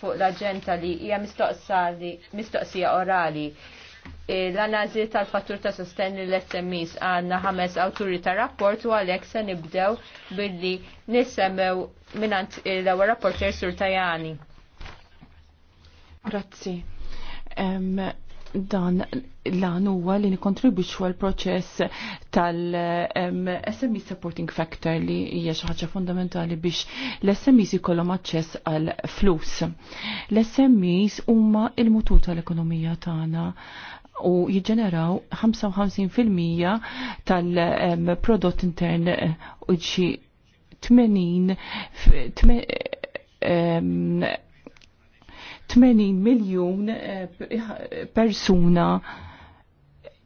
fuq l-agenda li hija mistoqsija orali e, l-analiżi tal-fattur ta' sostenni l-SMEs għanna ħames awturi rapport u għalek se nibdew billi nisemmew minant l-ewwel rapporter Sur Tajani. Grazzi dan l-għan huwa li nikontribwixxu għal proċess tal-SME Supporting Factor li hija xi ħaġa fundamentali biex l-SMEs ikollhom aċċess għal flus. L-SMEs huma il-mutur tal-ekonomija tagħna u jiġġeneraw 55% tal-prodott intern eh, u xi 80 80 miljun eh, persuna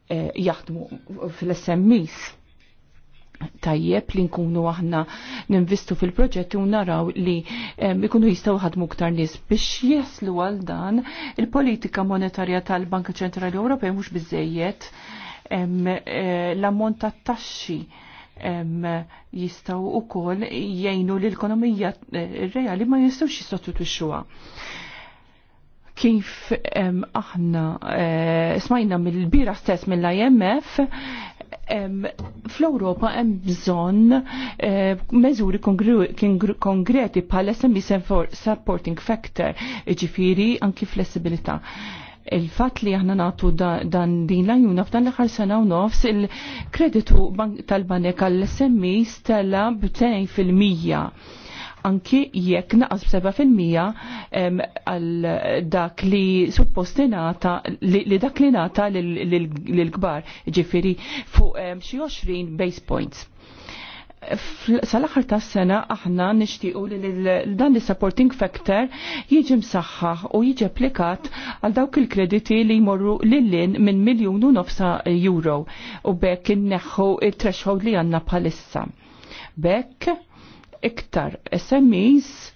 eh, jaħdmu fl smis Tajjeb li nkunu aħna ninvestu fil-proġetti u naraw li eh, ikunu jistaw ħadmu ktar nis biex jeslu għal dan il-politika monetarja tal-Banka Ċentrali Ewropej mhux biżejjed l-ammont tat-taxxi jistaw ukoll jgħinu l-ekonomija reali ma jistgħux jistatutwixxuha kif aħna eh, smajna mill-bira stess mill-IMF fl-Europa hemm bżonn eh, meżuri kongreti bħal SME supporting factor, ġifiri anki flessibilità. Il-fat li aħna natu dan din l-ajuna f'dan l-aħħar sena u nofs il-kreditu tal-banek għall-SMI stella b fil-mija anki jekk naqas b-7% għal dak li suppostinata li dak li nata l kbar ġifiri fuq xi 20 base points. Sal-axar ta' sena aħna nishtiqu li dan li supporting factor jiġi msaħħaħ u jiġi applikat għal dawk il-krediti li jmorru lillin minn miljun u nofsa euro u bekk inneħħu il-threshold li għanna bħalissa. Bekk iktar SMEs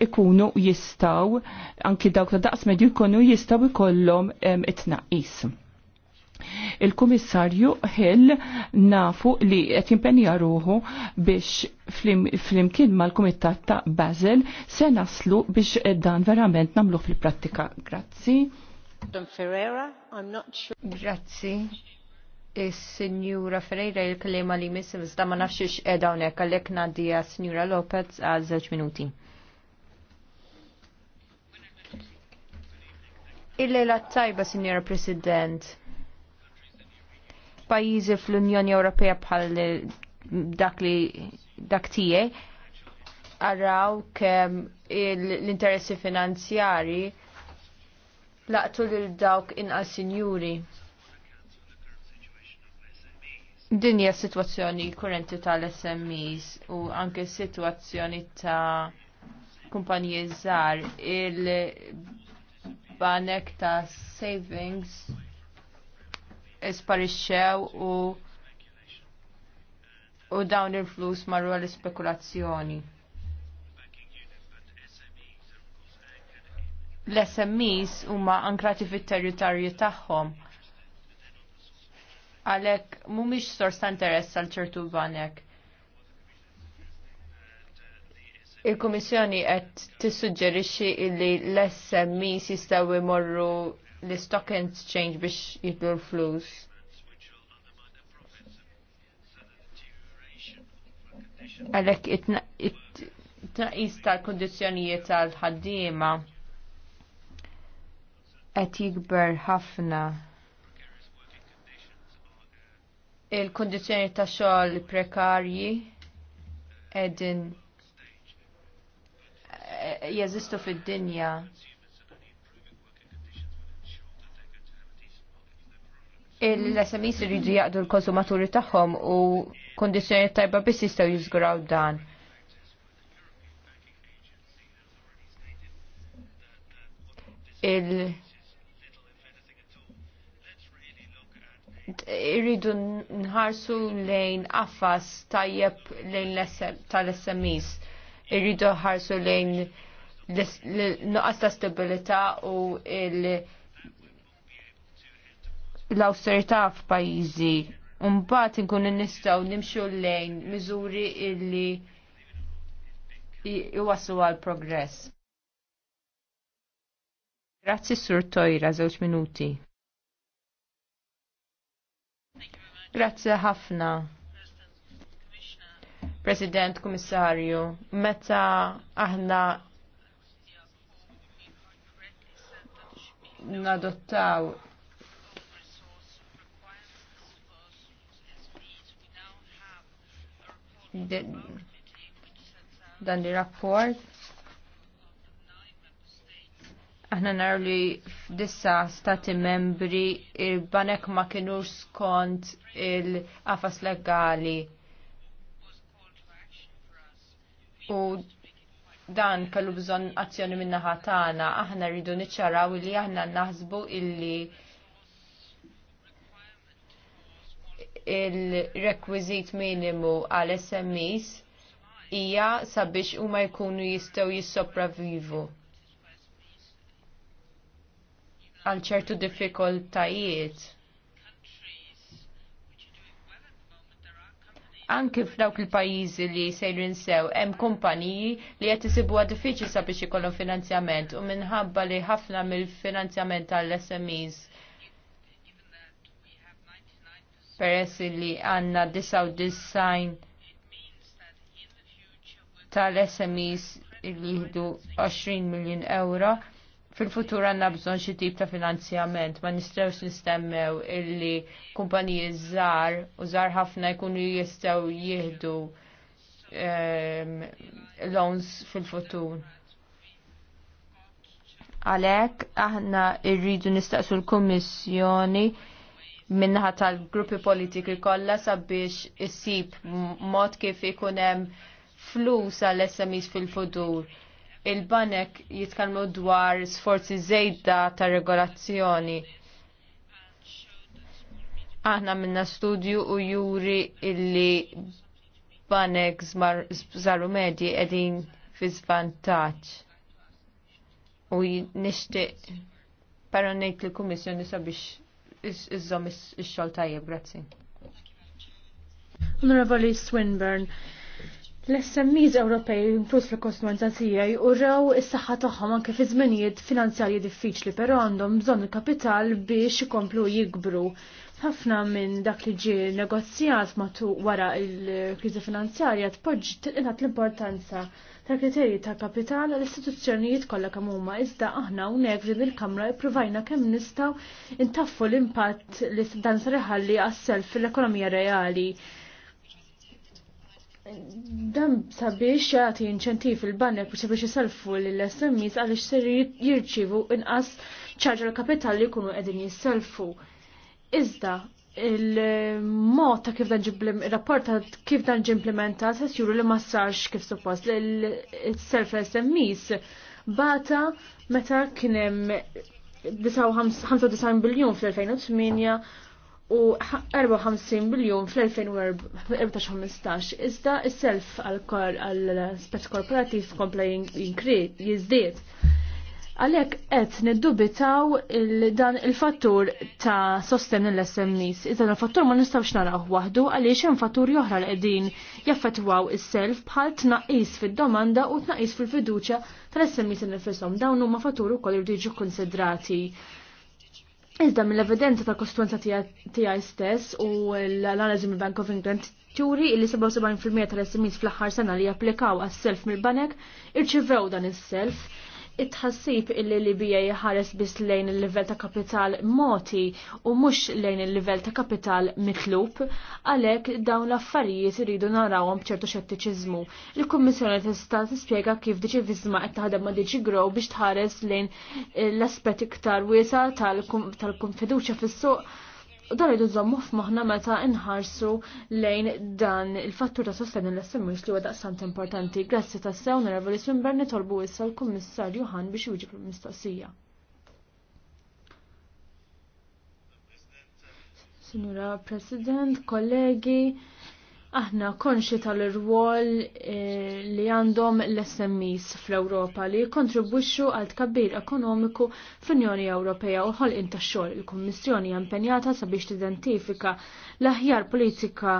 ikunu jistaw, anki dawk ta' daqs medju ikunu jistaw ikollom it Il-Kummissarju Hill nafu li qed jimpenja ruħu biex flimkien mal-Kumitat ta' Basel se naslu biex dan verament namluh fil-prattika. Grazzi. Ferreira, I'm not sure. Grazzi. Is-Sinjura Ferreira il-kelima li missim iżda ma nafx ix qiegħda hawnhekk għalhekk nadija Sinjura Lopez għal żewġ minuti. Il-lejla tajba, Sinjura President. Pajjiżi fl-Unjoni Ewropea bħal dak li dak tiegħi għarraw kemm l-interessi finanzjari laqtu lil dawk inqas sinjuri dinja situazzjoni kurrenti tal-SMEs u anke situazzjoni ta' kumpanji żgħar il-banek ta' savings isparixxew u u dawn il-flus marru għal-spekulazzjoni. L-SMEs huma ankrati fit-territorju tagħhom għalek mumiċ sors ta' interess għal ċertu banek. Il-Kummissjoni qed tissuġġerixxi li l-SMEs jistgħu imorru l-stock exchange biex jidlu l-flus. Għalek it-tnaqis tal-kondizjonijiet tal-ħaddiema qed jikber ħafna il-kondizjoni ta' xogħol prekarji edin eh, jeżistu fid-dinja. Il-SMEs iridu jaqdu l-konsumaturi tagħhom u kondizjoni tajba biss jistgħu jiżguraw dan. il- irridu nħarsu lejn affas tajjeb lejn tal-SMEs. Irridu ħarsu lejn nuqqas ta' stabilità u l-austerità f'pajjiżi. Mbagħad inkun nistgħu nimxu lejn miżuri illi iwaslu għal progress. Grazzi Sur Tojra, żewġ minuti. Grazie ħafna. President, Kummissarju, meta aħna nadottaw dan li rapport Aħna nar li f'dissa stati membri il-banek ma kienux skont il-qafas legali. U dan kellu bżonn azzjoni minna ħatana, aħna rridu niċċaraw li aħna naħsbu illi il-rekwizit minimu għal SMEs hija sabiex huma jkunu jistgħu jissopravivu għal ċertu diffikultajiet. Anki f'dawk il-pajjiżi li sejrin sew hemm kumpaniji li qed isibuha diffiċli sabiex ikollhom finanzjament u minħabba li ħafna mill-finanzjament tal-SMEs peress li għanna 99 tal-SMEs li jihdu 20 miljon euro fil-futur għanna bżon xi tip ta' finanzjament, ma nistgħux nistemmew illi kumpaniji żgħar u żgħar ħafna jkunu jistgħu jieħdu um, loans fil-futur. Għalhekk aħna rridu nistaqsu l-Kummissjoni minnaħat tal-gruppi politiki kollha sabiex issib mod kif ikun hemm flus għall-SMEs fil-futur il-banek jitkallmu dwar sforzi żejda ta' regolazzjoni. Aħna minna studju u juri illi banek żaru medji qegħdin fi zvantaċ. U nixtieq però ngħid lill-Kummissjoni sabiex iż-żom ix-xogħol tajjeb, grazzi. Honorable Swinburne, L-SMEs Ewropej inkluż fil kostumenza tiegħi uraw is-saħħa tagħhom anke fi żminijiet finanzjarji diffiċli, però għandhom bżonn il-kapital biex ikomplu jikbru. Ħafna minn dak li ġie negozjat matu wara l-kriżi finanzjarja tpoġġi tilqinat l-importanza ta' kriterji ta' kapital l-istituzzjonijiet kollha kemm huma iżda aħna hawnhekk din il-Kamra ippruvajna kemm nistgħu intaffu l-impatt li dan sar iħalli għas-self fil-ekonomija reali dan sabiex jagħti inċentiv il-banek biex sabiex jisalfu lill-SMEs għaliex ser jirċivu inqas ċarġa l-kapital li jkunu qegħdin jissalfu. Iżda il-mod ta' kif dan rapport ta' kif dan ġimplementa se juru li ma sarx kif suppost il-self SMEs bata meta kien hemm 95 biljun fl-2008 u 54 biljon fl-2015 iżda is-self għal-spezz korporativ kompla jizdiet. Għalek qed niddubitaw dan il-fattur ta' sosten l-SMEs. Iżda il fattur ma nistawx naraw waħdu għaliex hemm fattur oħra l qegħdin jaffetwaw is-self bħal tnaqqis fid-domanda u tnaqqis fil-fiduċja tal-SMEs n-nifisom. Dawn huma fattur u kol jiġu konsidrati. Iżda mill-evidenza ta' kostwenza tiegħi stess u l-analiżi mill Bank of England turi li 77% tal-SMEs fl-aħħar sena li japplikaw għas-self mill-banek irċivew dan is-self it-ħassib illi Libija jħares biss lejn il-livell ta' kapital moti u mhux lejn il-livell ta' kapital mitlub, għalhekk dawn l-affarijiet iridu narawhom b'ċertu xettiċiżmu. Il-Kummissjoni tista' tispjega kif diċiviżma qed taħdem ma' Diġi Grow biex tħares lejn l aspet iktar wiesa tal-konfiduċja fis-suq U dan idu nżommu f'maħna meta inħarsu lejn dan il-fattur ta' sostenni l-SMUs li huwa daqsant importanti. Grazzi ta' sew nerevoli Swinburne tolbu issa l-Kummissarju Han biex jiġi mistoqsija. Signora President, kollegi, Aħna konxi tal-rwol eh, li għandhom l-SMEs fl-Ewropa li kontribwixxu għal tkabbir ekonomiku fl-Unjoni Ewropea u ħol inta xogħol. Il-Kummissjoni impenjata sabiex tidentifika l-aħjar politika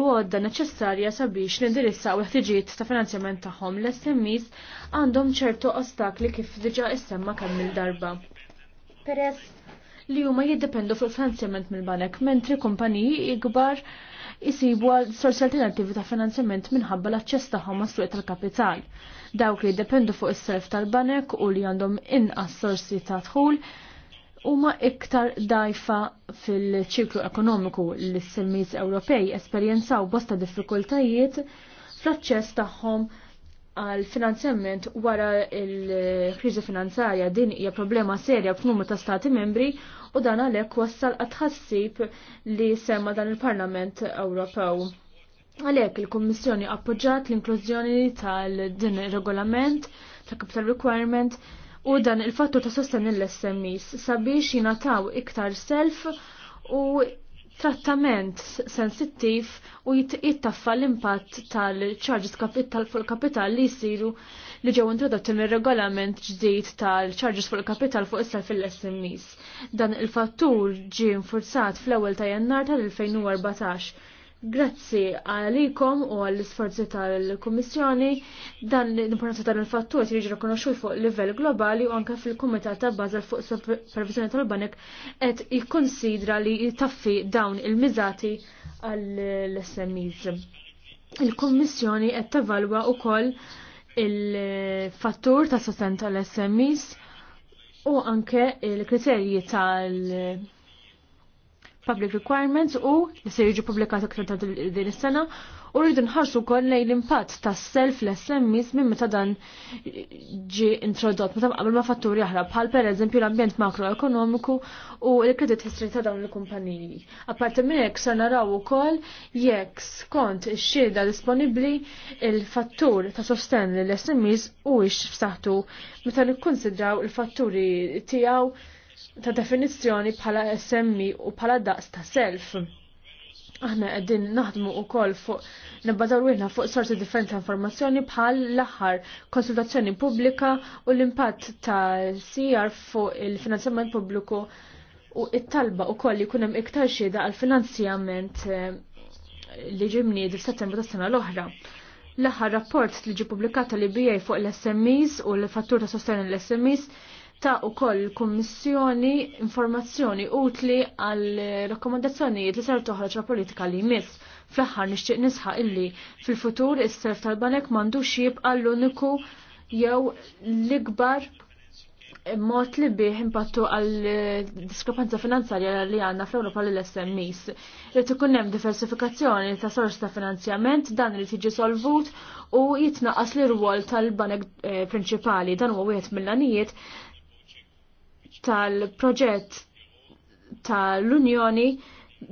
u għodda neċessarja sabiex nindirizzaw l-ħtiġijiet ta' finanzjament tagħhom l-SMEs għandhom ċertu ostakli kif diġà issemma kemm il-darba. Peress li huma jiddependu fuq finanzjament mill-banek, mentri kumpaniji ikbar jisibu għal sorsi alternativi ta' finanzjament minħabba l-aċċess tagħhom mas suq tal-kapital. Dawk li jiddependu fuq is-self tal-banek u li għandhom inqas sorsi ta' dħul huma iktar dajfa fil-ċiklu ekonomiku li s-semmiz Ewropej esperjenzaw bosta diffikultajiet fl-aċċess tagħhom għal finanzjament wara il-kriżi finanzarja din hija problema serja f'numru ta' stati membri u dan għalhekk wassal għatħassib li semma dan il-Parlament Ewropew. Għalhekk il-Kummissjoni appoġġat l-inklużjoni tal-din regolament ta' capital requirement u dan il-fattu ta' sosten l-SMEs sabiex jingħataw iktar self u trattament sensittiv u jittaffa l-impatt tal-charges capital fuq il-kapital li jisiru li ġew introdotti mir regolament ġdid tal-charges fuq il-kapital fuq is self fil-SMEs. Dan il-fattur ġi infurzat fl-ewwel ta' jannar tal-2014. Grazzi għalikom u għall-isforzi tal-Kummissjoni dan l-importanza tal-fattur ti jiġi rikonoxxut fuq livell globali u anke fil-Kumitat ta' Bażel fuq Supervisjoni tal-Banek qed jikkonsidra li jtaffi dawn il-miżati għall-SMEs. Il-Kummissjoni qed tavalwa wkoll il-fattur ta' sostent tal-SMEs u anke il-kriterji tal- public requirements u li se jiġu publikat aktar ta' din is-sena u rridu nħarsu wkoll lejn l-impatt tas-self l-SMEs minn meta dan ġi introdott meta qabel ma' fatturi aħra bħal pereżempju l-ambjent makroekonomiku u l-kredit history ta' dawn il-kumpaniji. Apparti minn hekk se naraw ukoll jekk skont ix xieda disponibbli il-fattur ta' sosten l-SMEs u ix f'saħħtu meta nikkonsidraw il-fatturi tiegħu ta' definizzjoni bħala SMI u bħala daqs ta' self. Aħna qegħdin naħdmu wkoll fuq nibbażaw wieħna fuq sorti differenti ta' informazzjoni bħal l-aħħar konsultazzjoni pubblika u l-impatt ta' CR fuq il-finanzjament pubbliku u it-talba wkoll li jkun hemm iktar xieda għal finanzjament eh, li ġimni f'Settembru tas-sena l-oħra. L-aħħar rapport li ġi pubblikata li bija fuq l-SMEs u l-fattur ta' sostenja l-SMEs ta' u koll kummissjoni informazzjoni utli għal rakkomandazzjonijiet li ser toħroġ la politika li jmiss. Fl-aħħar nixtieq nisħaq illi fil-futur is-self tal-banek m'għandux jibqa' l-uniku jew l-ikbar mod li bih impattu għal diskrepanza finanzarja li għanna fl-Europa l smis Li ikun hemm diversifikazzjoni ta' sors ta' finanzjament dan li tiġi solvut u jitnaqas l rwol tal-banek eh, prinċipali dan huwa wieħed mill-għanijiet tal-proġett tal-Unjoni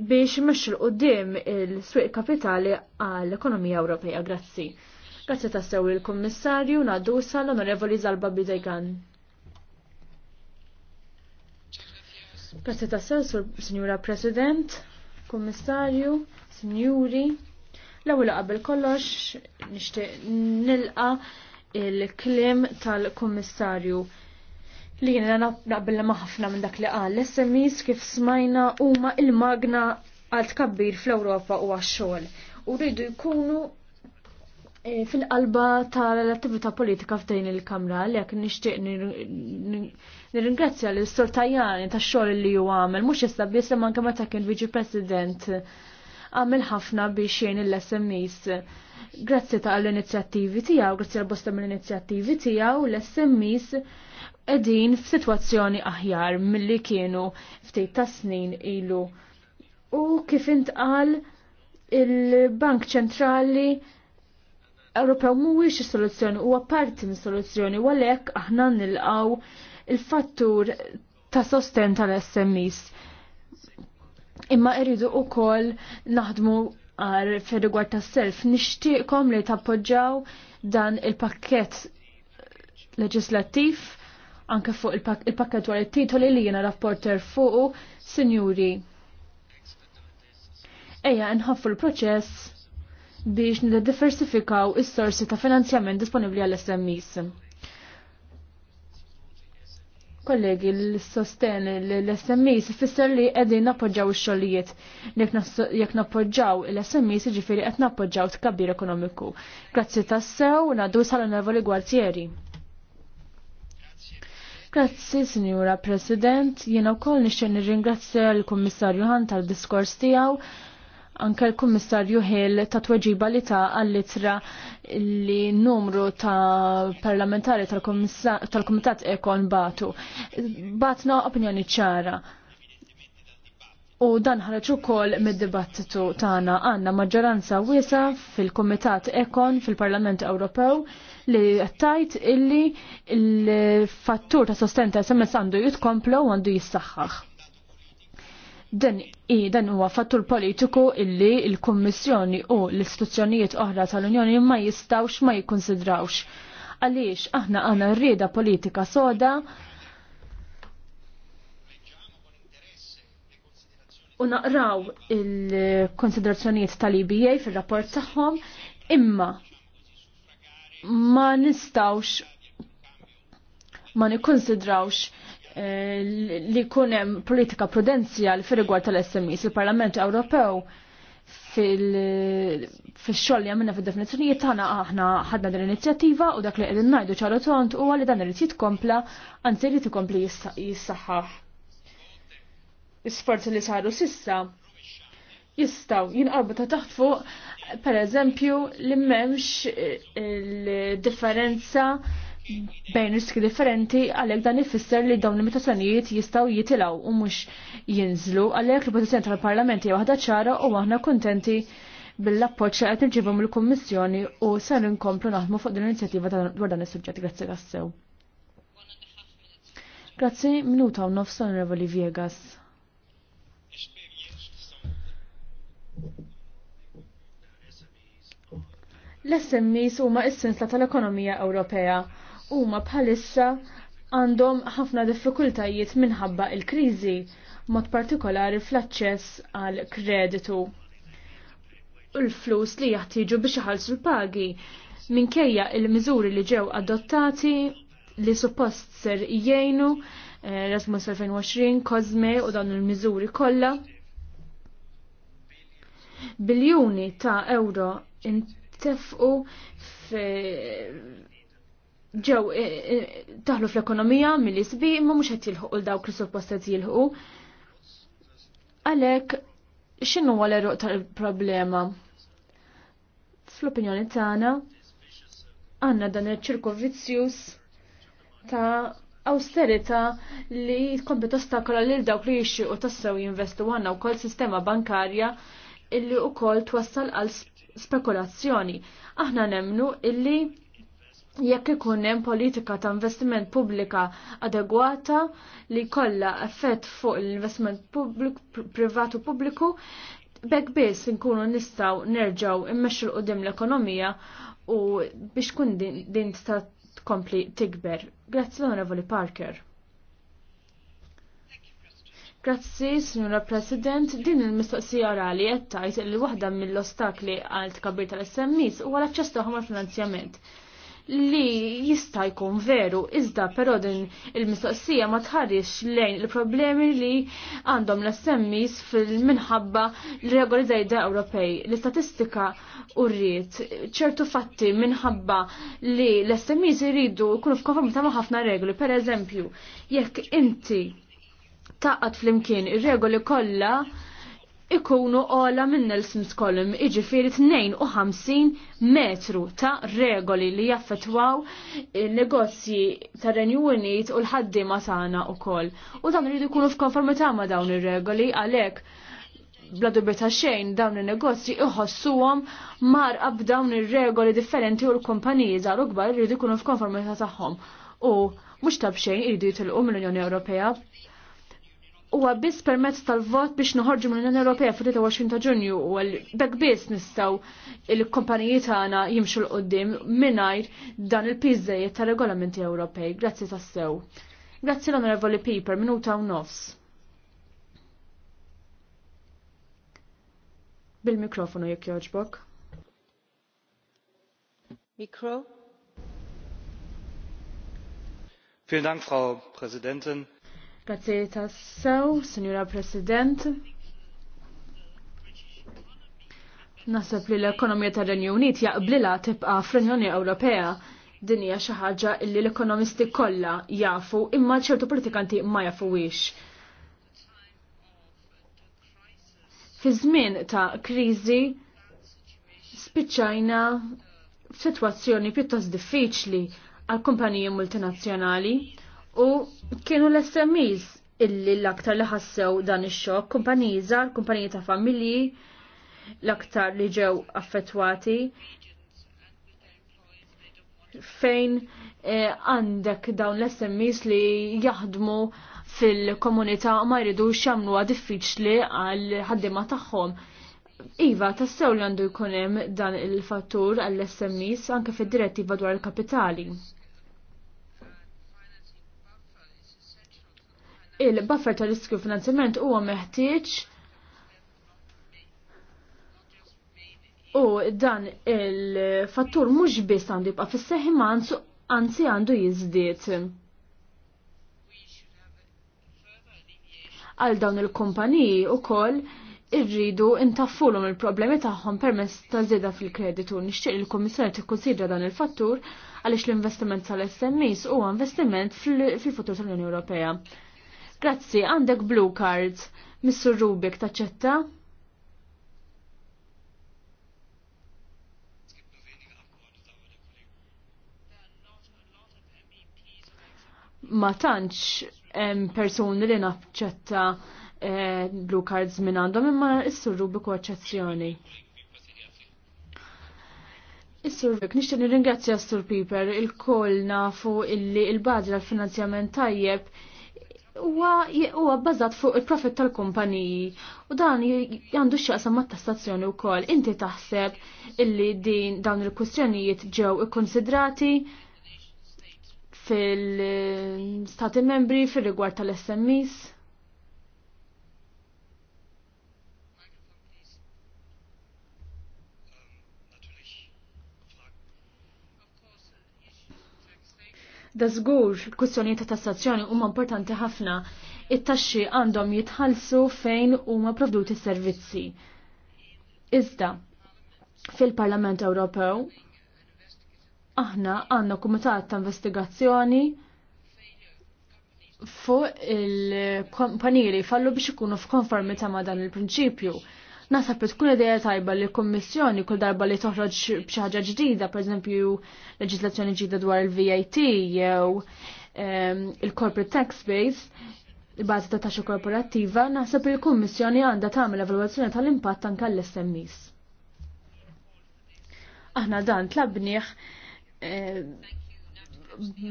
biex meċċu l-qoddim il-swiq kapitali għall-ekonomija Ewropea. Grazzi. Grazzi sew il-Kommissarju naddu l-Onorevoli Zalba Bidegan. Grazzi sew, Signora President, Kommissarju, Signori, L-ewwel qabel kollox nixtieq nilqa' il-klim tal-Kummissarju li jena naqbilla maħafna minn dak li qal l sms kif smajna huma il-magna għal tkabbir fl-Ewropa u għaxxol. xogħol U rridu jkunu e, fil-qalba tal-attività politika f'dejn il-Kamra li nishtiq nixtieq nirringrazzja l sur Tajani tax-xogħol li ju għamel mhux issa biss anke meta kien viġi President għamil ħafna biex jgħin l sms Grazzi ta' l-inizjattivi tijaw, grazzi għal-bosta mill-inizjattivi tijaw, l sms edin f'sitwazzjoni aħjar milli kienu ftit ta' snin ilu. U kif intqal il-Bank Ċentrali Ewropew mhuwiex is-soluzzjoni huwa parti mis-soluzzjoni u għalhekk aħna nilqgħu il-fattur ta' sosten tal-SMEs. Imma rridu wkoll naħdmu għal fir-rigward tas-self nixtieqkom li tappoġġaw dan il-pakkett leġislattiv anke fuq il-pakket dwar it-titoli li jiena rapporter fuq, sinjuri. Ejja nħaffu l-proċess biex niddiversifikaw is-sorsi ta' finanzjament disponibbli għall smis Kollegi, l-sosten l-SMEs fisser li qegħdin nappoġġaw ix-xogħlijiet. Jekk nappoġġaw l-SMEs jiġifieri qed nappoġġaw tkabbir ekonomiku. Grazzi tassew ngħaddu sal-onorevoli Gwartieri. Grazzi, Signora President, jiena wkoll nixtieq nirringrazzja l-Kummissarju Han tal-diskors tiegħu, anke l-Kummissarju Hill ta' tweġiba li ta' għall-litra li numru ta' parlamentari tal-Kumitat Ekon batu. Batna opinjoni ċara U dan ħarġu kol mid-dibattitu tagħna għandna maġġoranza wiesa fil-Kumitat Ekon fil-Parlament Ewropew li għattajt illi l-fattur ta' sostenta SMS għandu jitkomplu u għandu jissaxħax. Dan i dan huwa fattur politiku illi l-Kummissjoni u l-istituzzjonijiet oħra tal-Unjoni ma jistawx ma jikkonsidrawx. Għaliex aħna għandna rrieda politika soda u naqraw il-konsiderazzjonijiet tal-IBA fil-rapport tagħhom, imma ma nistawx ma nikkonsidrawx eh, li li kunem politika prudenzjal fil rigward tal-SMEs il-Parlament Ewropew fil-xol li għamilna fil-definizjonijiet tagħna aħna ħadna din l-inizjattiva u dak li qegħdin ngħidu ċarotont huwa li dan irid jitkompla anzi li tikompli jissaħħaħ isforzi li saru sissa jistaw jinqalbu ta' taħt fuq per eżempju li memx il-differenza eh, bejn riski differenti għalek dan ifisser li dawn limitazzjonijiet jistaw jitilaw u mhux jinżlu għalek li pozizjoni tal-Parlament hija waħda ċara u aħna kuntenti bil-appoġġ li qed nġibhom il-Kummissjoni u ser inkomplu naħdmu fuq din l-inizjattiva dwar dan is-suġġett. Grazzi tassew. Grazzi, minuta u nofs Onorevoli Viegas. L-SMEs huma s sensla tal-ekonomija Ewropea huma bħalissa għandhom ħafna diffikultajiet minħabba il-kriżi, mod partikolari fl-aċċess għal kreditu. U l-flus li jaħtiġu biex iħallsu l-pagi minkejja il-miżuri li ġew adottati li suppost ser jgħinu Erasmus 2020, Cosme u dawn il-miżuri kollha. Biljuni ta' euro intefqu ġew e, e, taħlu fl-ekonomija mill-isbi imma mhux qed l dawk li suppostet jilħu. Għalhekk x'inhu l-eruq tal-problema? Fl-opinjoni tagħna għandna dan il-ċirku vizzjus ta' austerita li tkompli tostakola lil dawk li jixi u tassew jinvestu għanna u kol sistema bankarja illi u kol twassal għal spekulazzjoni. Aħna nemnu illi jekk ikun hemm politika ta' investiment pubblika adegwata li kollha effett fuq l-investiment pubbliku privatu pubbliku, bekk biss nkunu nistgħu nerġgħu immexxu l qudiem l-ekonomija u biex kun din, din tkompli tikber. Grazzi l-Onorevoli Parker. Grazzi, Signora President, din il-mistoqsija orali qed tajt li waħda mill-ostakli għal tkabbir tal smis huwa l-aċċess tagħhom finanzjament li jista' jkun veru, iżda però din il-mistoqsija ma tħarrix lejn il-problemi li għandhom l-assemmis fil-minħabba regoli żejda Ewropej. L-istatistika urrit ċertu fatti minħabba li l-assemmis jridu jkunu f'konformità ma' ħafna regoli, per eżempju, jekk inti taqgħod flimkien ir-regoli kollha ikunu ola minn Nelson's Column iġifiri 52 metru ta' regoli li jaffetwaw eh, negozji ta' Renew Unit u l-ħaddima tagħna ukoll. U dan rridu jkunu f'konformità ma' dawn ir-regoli għalhekk bla dubbi ta' xejn dawn in-negozji iħossuhom marqab dawn ir-regoli differenti u l-kumpaniji żgħar kbar irridu jkunu f'konformità tagħhom. U mhux xejn irridu jitilqu mill-Unjoni Ewropea huwa biss permezz tal-vot biex noħorġu mill-Unjoni Ewropea fil-23 ta' Ġunju u dak biss nistgħu il-kumpaniji tagħna jimxu l qoddim mingħajr dan il pizzejiet ta' regolamenti Ewropej. Grazzi tassew. Grazzi l-Onorevoli Piper, minuta u nofs. Bil-mikrofonu jekk joġbok. Mikro. Vielen Dank, Frau Präsidentin Grazie tassew, Signora President. Nasab li l-ekonomija tal-Renju Unit jaqblila tibqa fl-Unjoni Ewropea din hija xi ħaġa li l-ekonomisti kollha jafu imma ċertu politikanti ma jafuwix. Fi żmien ta' kriżi spiċċajna f'sitwazzjoni pjuttost diffiċli għal kumpaniji multinazzjonali U kienu l-SMEs illi l-aktar li ħassew dan ix-xokk, kumpaniji kumpaniji ta' familji l-aktar li ġew affettwati fejn eh, għandek dawn l-SMEs li jaħdmu fil-komunità u ma jridux jagħmluha diffiċli għal ħaddiema tagħhom. Iva, tassew li għandu jkun hemm dan il-fattur għall-SMEs anke fid-direttiva dwar il-kapitali. il-buffer ta' riskju finanzjament huwa meħtieġ u dan il-fattur mhux biss għandu jibqa' fis ma anzi għandu jiżdied. Għal dawn il-kumpaniji ukoll irridu intaffulhom il-problemi tagħhom permezz ta' żieda fil-kreditu. Nixtieq il-Kummissjoni tikkunsidra dan il-fattur għaliex l-investiment tal-SMEs huwa investiment fil-futur tal-Unjoni Ewropea. Grazzi, għandek blue cards. Missur Rubik, taċċetta? Ma tantx hemm persuni li naċċetta eh, blue cards minn għandhom imma issur Rubik u eċċezzjoni. Is-Sur Vik, ringrazzja nirringrazzja Sur Piper il-koll nafu illi il-bażi għall finanzjament tajjeb huwa bbażat fuq il-profit tal-kumpaniji u dan għandu x'jaqsam mat-tassazzjoni wkoll. Inti taħseb illi din dawn il-kwistjonijiet ġew ikkonsidrati fil-stati membri fil-rigward tal-SMEs? Da żgur kwistjonijiet ta' tassazzjoni huma importanti ħafna. It-taxxi għandhom jitħallsu fejn huma provduti servizzi. Iżda, fil-Parlament Ewropew, aħna għandna kumitat ta' investigazzjoni fuq il-kompaniri fallu biex ikunu f'konformità ma' dan il-prinċipju. Nasab li tkun ideja tajba li l-Kummissjoni kull darba li toħroġ b'xi ħaġa ġdida, pereżempju leġislazzjoni ġdida dwar il-VAT jew ehm, il-corporate tax base, il-bażi ta' taxxa korporattiva, naħseb li l-Kummissjoni għandha tagħmel evalwazzjoni tal-impatt anke l smis Aħna dan tlabnieh eh,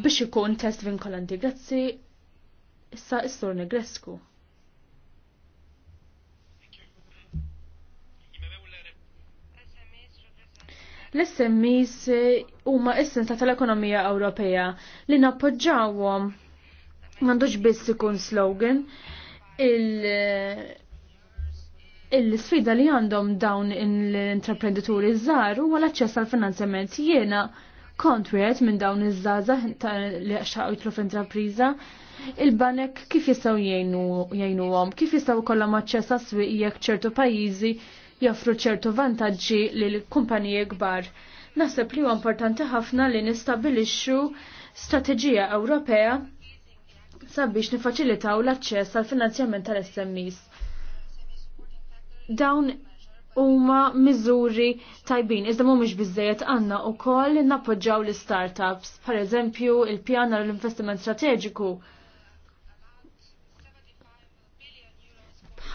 biex ikun test vinkolanti. Grazzi, issa istor negresku. L-SMEs eh, huma essenza tal-ekonomija Ewropea li nappoġġawhom m'għandux biss ikun slogan il- eh, il-sfida li għandhom dawn l-intraprenditori żgħar huwa l-aċċess għal finanzjament jiena kont wieħed minn dawn iż żaza li xaqgħu jitlu f'intrapriża. Il-banek kif jistgħu jgħinuhom, kif jistgħu jkollhom aċċess għas-swieq jekk ċertu pajjiżi joffru ċertu vantaġġi lil kumpaniji kbar. Naħseb li huwa importanti ħafna li nistabilixxu strateġija Ewropea sabiex nifaċilitaw l-aċċess għal finanzjament tal-SMEs. Dawn huma miżuri tajbin, iżda mhumiex biżejjed għandna wkoll nappoġġaw l-startups, pereżempju il-pjan għall investiment strateġiku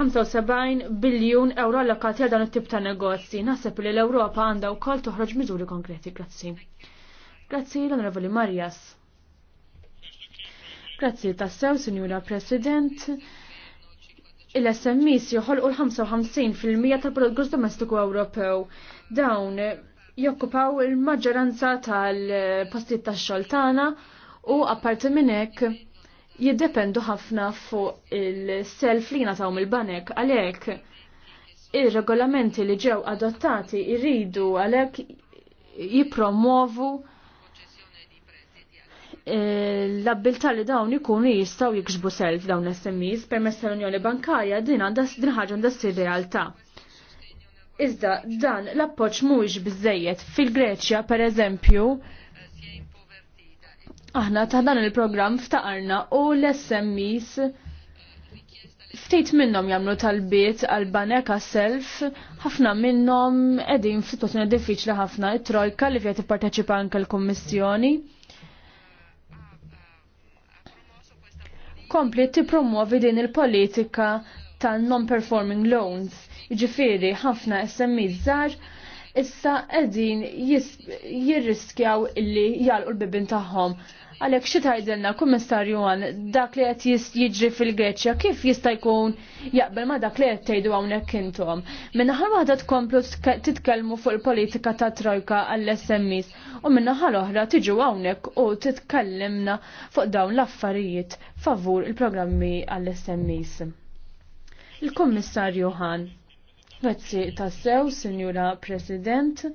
75 biljun euro allokati għal dan it-tip ta' negozji. naħseb li l-Ewropa għandha wkoll toħroġ miżuri konkreti. Grazzi. Grazzi l-Onorevoli Marjas. Grazzi tassew, Sinjura President. Il-SMIs joħolqu l-55% tal-prodott gross domestiku Ewropew. Dawn jokkupaw il-maġġoranza tal-postijiet tax-xoltana u apparti minn hekk jiddependu ħafna fuq il-self li nataw mill-banek għalhekk ir-regolamenti li ġew adottati jridu għalhekk jippromovu eh, l-abbilta li dawn ikunu jistaw jikxbu self dawn l-SMEs permess tal-Unjoni Bankarja din għandha din ħaġa għandha realtà. Iżda dan l-appoġġ mhuwiex biżejjed fil-Greċja pereżempju Aħna ta' dan il-programm ftaqarna u l-SMEs ftit minnom jamlu tal-bit għal baneka self ħafna minnom edin f-situazzjoni diffiċli ħafna it-trojka li fija tipparteċipa anke l-kommissjoni. Kompli tippromuovi din il politika ta' tal-non-performing loans, ġifiri ħafna SMI żgħar issa edin jirriskjaw illi jalqu l-bibin tagħhom Għalek xi tajdilna kummissarju għan dak li qed jiġri fil-Greċja kif jista' jkun jaqbel ma dak li qed tgħidu hawnhekk intom. Minnaħar waħda tkomplu titkellmu fuq il-politika ta' trojka għall sms u minnaħar oħra tiġu hawnhekk u titkellimna fuq dawn l-affarijiet favur il-programmi għall-SMEs. Il-Kummissarju Hahn. Grazzi tassew, Signora President.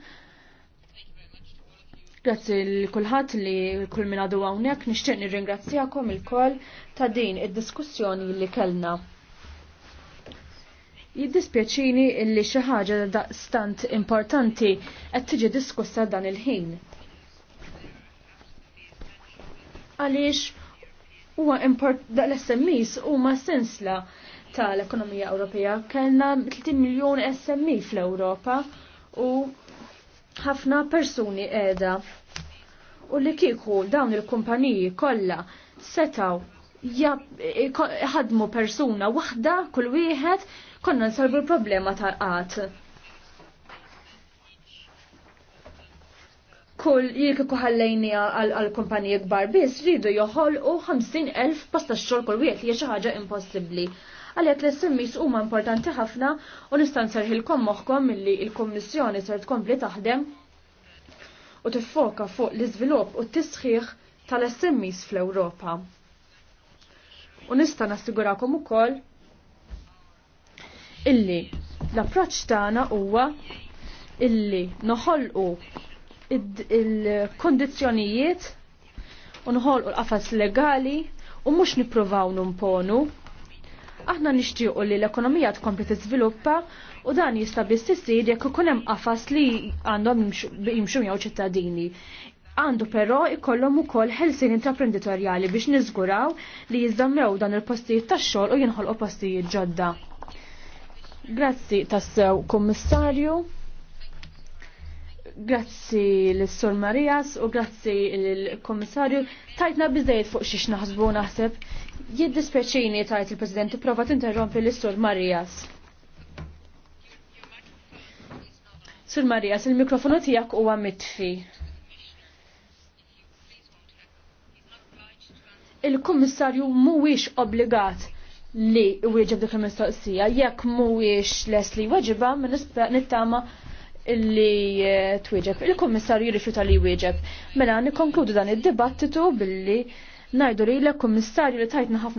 Grazzi l-kulħat li kull min għadu għawnek, nishtiq nirringrazzjakom il-koll ta' din id-diskussjoni li kellna. Jiddispjaċini illi xi ħaġa stant importanti qed tiġi diskussa dan il-ħin. Għaliex huwa import l smes huma sensla tal-ekonomija Ewropea kellna 30 miljun SME fl-Ewropa u ħafna persuni qiegħda u li kieku dawn il-kumpaniji kollha setaw ħadmu persuna waħda kull wieħed konna nsolvu l-problema tal-qat. Kull jek kieku għal-kumpaniji kbar biss ridu joħolqu 50,000 posta xogħol kull wieħed li hija xi ħaġa impossibbli għalhekk l-SMIs huma importanti ħafna u nista' nserħilkom moħħkom milli l-Kummissjoni ser tkompli taħdem u tiffoka fuq l-iżvilupp u t-tisħiħ tal-SMIs fl-Ewropa. U nista' u ukoll illi l-approċċ tagħna huwa illi noħolqu il kondizjonijiet u nħolqu l-qafas legali u mhux nippruvaw numponu Aħna nixtiequ li l-ekonomija tkompli tiżviluppa u dan jista' bistissir jekk ikun hemm qafas li għandhom jimxu jew ċittadini. Għandu però ikollhom ukoll ħelsien intraprenditorjali biex niżguraw li jiżdammew dan il-postijiet tax-xogħol u jinħolqu postijiet ġodda. Grazzi tassew, Kummissarju. Grazzi l-Sur Marijas u grazzi l-Komissarju. Tajtna bizzejt fuq xiex naħsbu naħseb. Jiddispeċini tajt il-President prova tinterrompi l-Sur Marijas. Sur Marijas, il-mikrofonu tijak huwa mitfi. Il-Komissarju mhuwiex obbligat li wieġeb dik il-mistoqsija jekk mhuwiex les li weġiba nittama illi eh, twieġeb. Il-Kummissarju jirrixuta li wieġeb. Mela nikkonkludu dan id-dibattitu billi ngħidu li l-Kummissarju li tajtna ħafna